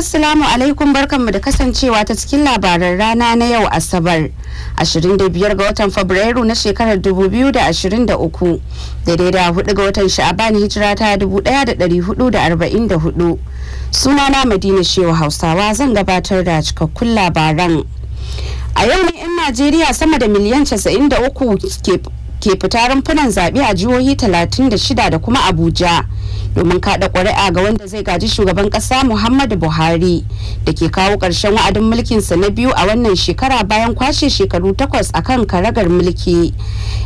Assalamu alaikum barkanmu da kasancewa ta cikin labaran rana na yau Asabar 25 ga watan Fabrairu na shekarar 2023 daidai da 4 ga watan Sha'aban hijira ta 1444 na Madina Shehu Hausawa zan gabatar da cikakkun labaran. A yau ne 'yan Najeriya sama da miliyan 93 ke fita rumfunan zaɓe a jihohi 36 da kuma Abuja. domin kada ƙuri'a ga wanda zai gaji shugaban ƙasa muhammadu buhari da ke kawo ƙarshen wa'adin mulkinsa na biyu a wannan shekara bayan kwashe shekaru takwas a kan karagar mulki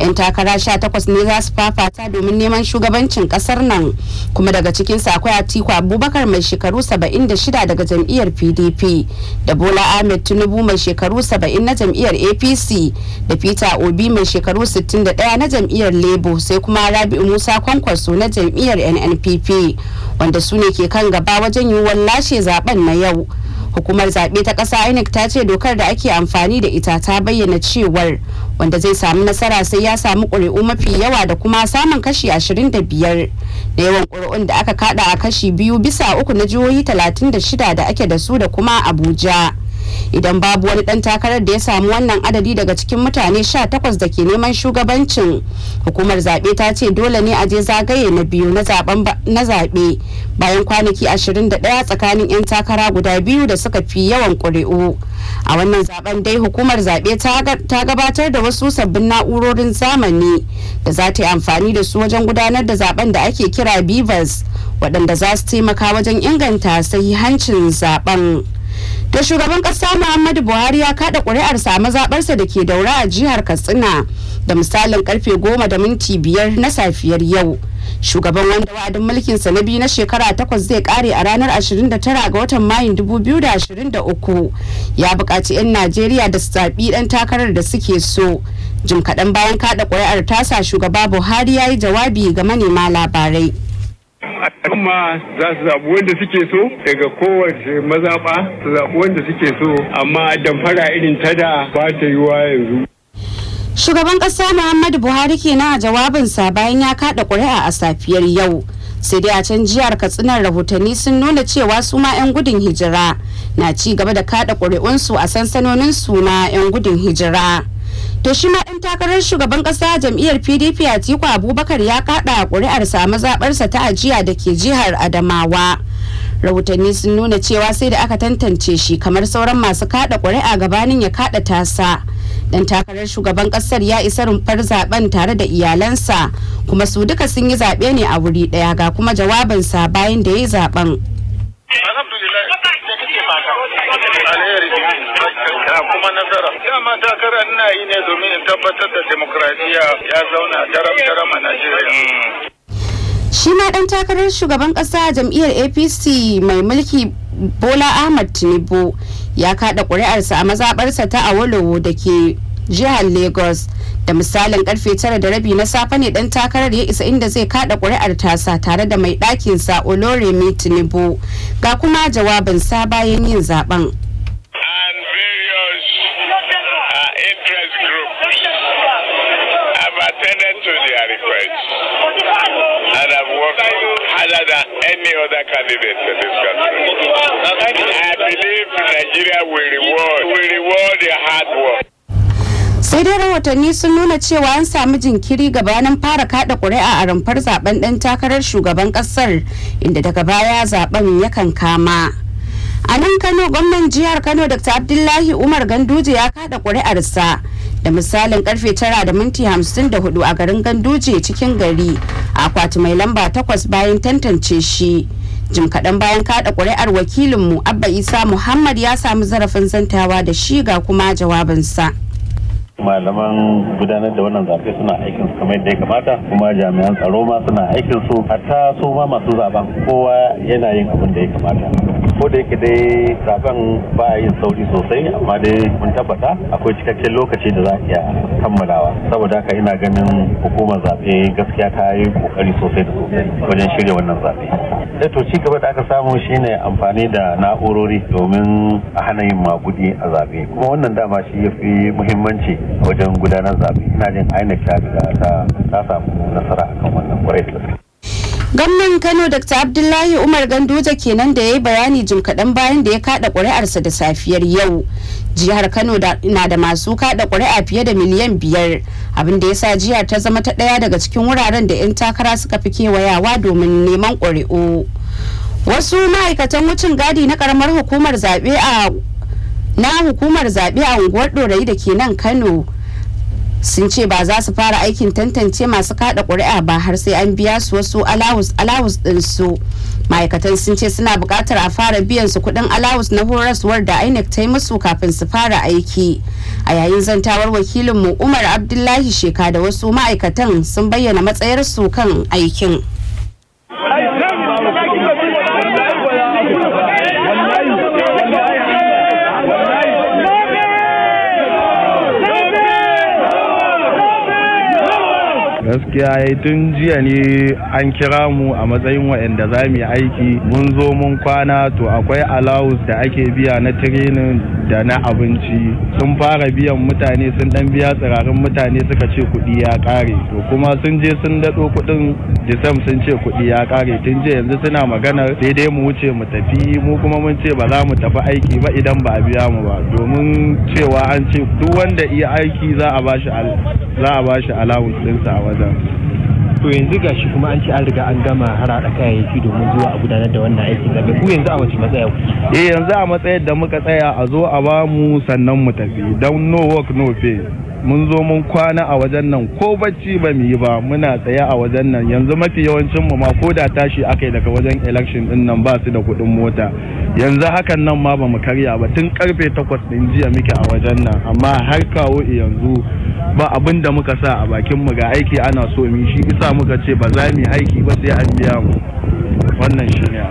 'yan takara sha takwas ne za su fafata domin neman shugabancin ƙasar nan kuma daga cikinsa akwai atiku abubakar mai shekaru saba'in da shida daga jam'iyyar pdp da bola ahmed tinubu mai shekaru saba'in na jam'iyyar apc da peter obi mai shekaru sittin da ɗaya na jam'iyyar labour sai kuma rabi'u musa kwankwaso na jam'iyyar nn NPP wanda su ne ke kan gaba wajen yiwuwar lashe zaben na yau. Hukumar zaɓe ta ƙasa INEC ta ce dokar da ake amfani da ita ta bayyana cewar wanda zai samu nasara sai ya samu ƙuri'u mafi yawa da kuma samun kashi 25 da yawan ƙuri'un da aka kada a kashi biyu bisa uku na jihohi 36 da ake da su da kuma Abuja. idan babu wani dan takarar da ya samu wannan adadi daga cikin mutane sha takwas da ke neman shugabancin hukumar zaɓe ta ce dole ne a je zagaye na biyu na zaɓe bayan kwanaki ashirin da 21 tsakanin 'yan takara guda biyu da suka fi yawan ƙuri'u a wannan zaben dai hukumar zaɓe ta gabatar da wasu sabbin na'urorin zamani da za ta yi amfani da su wajen gudanar da zaben da ake kira beavers waɗanda za su taimaka wajen inganta sahihancin zaben. da shugaban kasa muhammadu buhari ya kada kuri'arsa a mazabarsa da ke daura a jihar katsina da misalin karfe goma da minti biyar na safiyar yau shugaban wanda wa'adin mulkinsa na biyu na shekara takwas zai kare a ranar 29 ga watan mayun 2023 ya bukaci 'yan najeriya da su zaɓi ɗan takarar da suke so jim kaɗan bayan kaɗa ƙuri'ar tasa shugaba buhari ya yi jawabi ga manema labarai al'umma za su zaɓi wanda suke so daga kowace mazaɓa su zaɓi wanda suke so amma damfara irin ta da ba ta wa yanzu. Shugaban ƙasa Muhammadu Buhari kenan a jawabinsa bayan ya kaɗa ƙuri'a a safiyar yau. sai dai a can jihar katsina rahotanni sun nuna cewa su ma 'yan gudun hijira na ci gaba da kaɗa ƙuri'unsu a sansanonin su na 'yan gudun hijira. to shi ma ɗan takarar shugaban ƙasa jam'iyyar pdp a tiku abubakar ya kaɗa ƙuri'arsa mazaɓarsa ta ajiya da ke jihar adamawa rahotanni sun nuna cewa sai da aka tantance shi kamar sauran masu kaɗa ƙuri'a gabanin ya kaɗa tasa dan takarar shugaban ƙasar ya isa rumfar zaben tare da iyalansa kuma su duka sun yi zaɓe ne a wuri ɗaya ga kuma jawabinsa bayan da ya yi zaben alhamdulillah alheri da kuma nasara dama takara ina yi ne domin in tabbatar da demokradiyya ya zauna daram-daram a Najeriya. shi ma dan takarar shugaban kasa jam'iyyar apc mai mulki bola ahmad tinubu ya kada kuri'arsa a mazaɓarsa ta awolowo da ke jihar lagos da misalin karfe tara da rabi na safe ne dan takarar ya isa inda zai kada kuri'ar tasa tare da mai sa oloremi mitinibo ga kuma sa bayan yin zaben uh, any other I believe Nigeria will reward their hard work. sai dai rahotanni sun nuna cewa an samu jinkiri gabanin fara kada kuri'a a rumfar zaben ɗan takarar shugaban ƙasar inda daga baya zaben yakan kama a nan kano gwamnan jihar kano dr abdullahi umar ganduje ya kada kuri'arsa da misalin karfe 9 da minti 54 a garin ganduje cikin gari a akwati mai lamba 8 bayan tantance shi jim kaɗan bayan kada ƙuri'ar wakilinmu abba isa muhammad ya samu zarafin zantawa da shi ga kuma jawabinsa. malaman gudanar da wannan zaɓe suna aikin su kamar yadda ya kamata kuma jami'an tsaro ma suna aikin su hatta su ma masu zaben kowa yana yin abin da ya kamata ko da yake dai zaben ba yin sauri sosai amma dai mun tabbata akwai cikakken lokaci da za a iya kammalawa saboda haka ina ganin hukumar zaɓe gaskiya ta yi kokari sosai da sosai wajen shirya wannan zaɓe Eh, to ci gaba da aka samu shine amfani da na'urori domin a hana yin magudi a zabe kuma wannan dama shi ya fi muhimmanci wajen gudanar zabe ina jin inec ta ta samu nasara akan wannan kwarai gwamnan kano dr abdullahi umar gandoja kenan da ya yi bayani jim kaɗan bayan da ya kada ƙuri'arsa da safiyar yau jihar kano na da masu kada ƙuri'a fiye da miliyan biyar abinda ya sa jihar ta zama ta ɗaya daga cikin wuraren da 'yan takara suka fi kewayawa domin neman ƙuri'u wasu ma'aikatan wucin gadi na ƙaramar hukumar zaɓe a na hukumar zaɓe a unguwar ɗorayi da ke nan kano sun ce ba za su fara aikin tantance masu kada ƙuri'a ba har sai an biya su wasu alawus alawus din su ma'aikatan sun ce suna buƙatar a fara biyan su kuɗin alawus na horaswar da inec ta yi musu kafin su fara aiki a yayin zantawar wakilinmu umar abdullahi sheka da wasu ma'aikatan sun bayyana matsayar su kan aikin gaskiya ya tun jiya ne an kira mu a matsayin waɗanda za mu yi aiki mun zo mun kwana to akwai alawus da ake biya na training da na abinci sun fara biyan mutane sun dan biya tsirarin mutane suka ce kuɗi ya ƙare to kuma sun je sun daɗo kuɗin disam sun ce kuɗi ya ƙare tun je yanzu suna magana sai dai mu wuce mu tafi mu kuma mun ce ba za mu tafi aiki ba idan ba a biya mu ba domin cewa an ce duk wanda iya aiki za a bashi za a allowance ɗinsa a wajen to yanzu gashi kuma an ce an riga an gama harada kayayyaki domin zuwa a gudanar da wannan aikin zabe ku yanzu a wace matsaya ku eh yanzu a matsayar da muka tsaya a zo a ba mu sannan mu tafi don no work no pay mun zo mun kwana a wajen nan ko bacci ba mu yi ba muna tsaye a wajen nan yanzu mafi yawancin mu ma ko da tashi akai daga wajen election din nan ba su da kuɗin mota yanzu hakan nan ma ba mu karya ba tun karfe takwas ɗin jiya muke a wajen nan amma har kawo yanzu ba abin da muka sa a bakin mu ga aiki ana so mu shi isa muka ce ba za mu aiki ba sai an biya mu wannan shi ne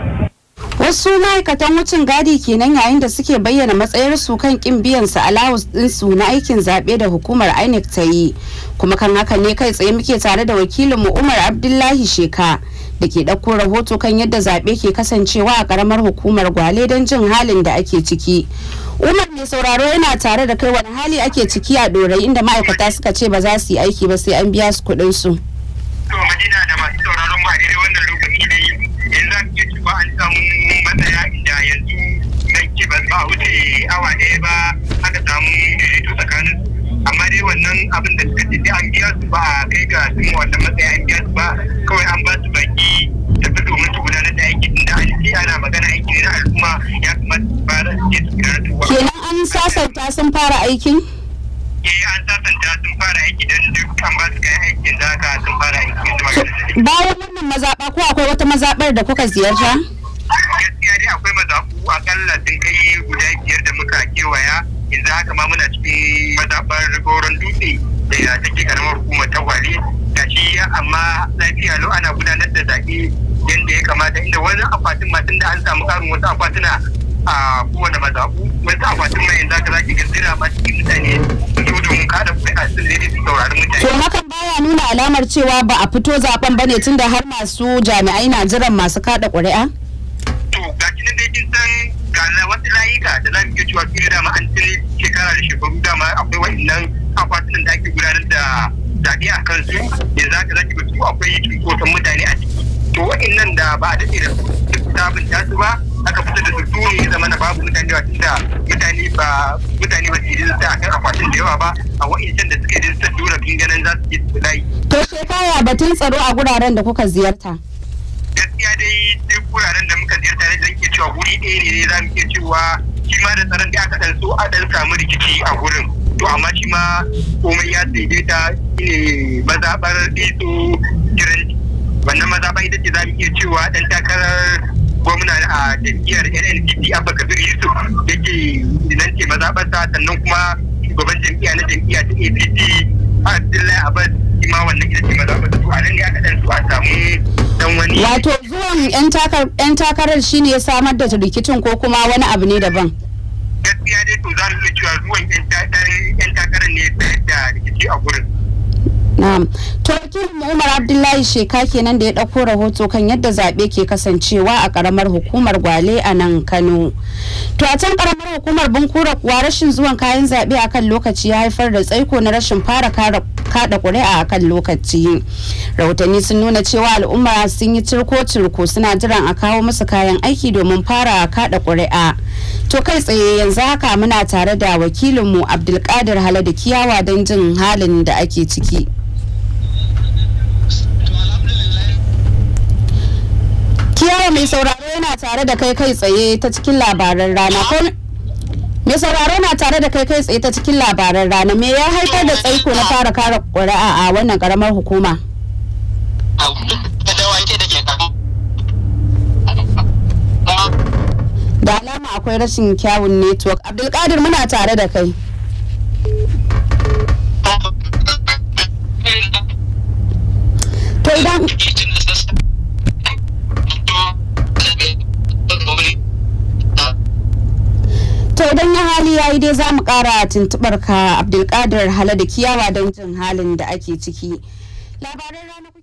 wasu ma'aikatan wucin gadi kenan yayin da suke bayyana matsayarsu kan kin biyan su din ɗinsu na aikin zaɓe da hukumar inec ta yi kuma kan haka ne kai tsaye muke tare da wakilinmu umar abdullahi sheka da ke ɗauko rahoto kan yadda zaɓe ke kasancewa a ƙaramar hukumar gwale don jin halin da ake ciki umar mai sauraro yana tare da kai wani hali ake ciki a dorai inda ma'aikata suka ce ba za su yi aiki ba sai an biya su kuɗin su. to madina da masu sauraron ba daidai wannan lokaci ne yanzu an ke cewa an samu matsaya inda yanzu nan ke ba wuce awa ɗaya ba aka samu daidaito tsakanin amma dai wannan abin da suka ce an biya su ba a kai ga sun wannan matsaya an biya su ba sun fara aikin? Eh, sun fara aiki don dukkan ba su kai aikin sun fara aiki bayan wannan mazaɓa ko akwai wata mazaɓar da kuka ziyarta? gaskiya dai akwai mazaɓu akalla sun kai guda biyar da muka kewaya yanzu haka ma muna cikin mazaɓar goron dutse da take karamar hukuma ta ga shi, amma lafiya lo ana gudanar da zaɓe yadda ya kamata inda wani akwatin masu da an samu karin wasu akwatuna a kowane mazaɓu wani akwatin mai za ka zaki gaskira ma cikin mutane su domin kada kuri'a sun daidai su saurari mutane. to hakan baya nuna alamar cewa ba a fito zaben ba ne tunda har masu jami'ai na jiran masu kada ƙuri'a? to ga kinin dai kin san ga wasu layuka da za mu iya cewa fiye da an tuni shekara da shekaru dama akwai wa'annan akwatunan da ake gudanar da zaɓe a kansu yanzu haka zaki ga su akwai cunkoson mutane a ciki to wa'annan da ba a daɗe da su duk sabunta su ba aka fita da tuturu ya zama na babu mutane da tunda mutane ba mutane ba su yi rijista akan akwatin da yawa ba a wa'incan da suka yi rijistar dole kin ganin za su yi su layi. to shekara batun tsaro a guraren da kuka ziyarta. gaskiya dai duk guraren da muka ziyarta ne zan iya cewa guri ɗaya ne ne za mu iya cewa shi ma da tsaron da aka ɗan so a ɗan samu rikici a gurin. to amma shi ma komai ya daidaita ne mazaɓar iso kiranci wannan mazaɓa ita ce za mu iya cewa ɗan takarar gwamna a jam'iyyar nnpp abba kabir yusuf da ke nan ce mazaɓarsa sannan kuma gwamnan jam'iyya na jam'iyya ta apc abdullahi abbas ima wannan ita ce mazaɓarsa to a nan ne aka ɗan su a samu dan wani. wato zuwan yan takarar shi ne ya samar da rikicin ko kuma wani abu ne daban. gaskiya dai to za mu iya cewa zuwan yan takarar ne ya da rikici a gurin. Na'am. To wakilin umar abdullahi sheka kenan da ya ɗauko rahoto kan yadda zaɓe ke kasancewa a ƙaramar hukumar gwale a nan kano to a can ƙaramar hukumar bunkura kuwa rashin zuwan kayan zaɓe a kan lokaci ya haifar da tsaiko na rashin fara kada ƙuri'a a kan lokaci rahotanni sun nuna cewa al'umma sun yi cirko-cirko suna jiran a kawo musu kayan aiki domin fara kada ƙuri'a to kai tsaye yanzu haka muna tare da wakilinmu abdulkadir halada kiyawa don jin halin da ake ciki yau mai sauraro yana tare da kai kai tsaye ta cikin labaran rana. Mai sauraro na tare da kai kai tsaye ta cikin labaran rana. Me ya haifar da tsaiko na fara kara ƙuri'a a wannan ƙaramar hukuma? Da alama akwai rashin kyawun network. Abdulkadir muna tare da kai. idan ya hali ya yi dai za mu kara tuntubar ka Abdulkadir da Kiyawa don jin halin da ake ciki. Labaran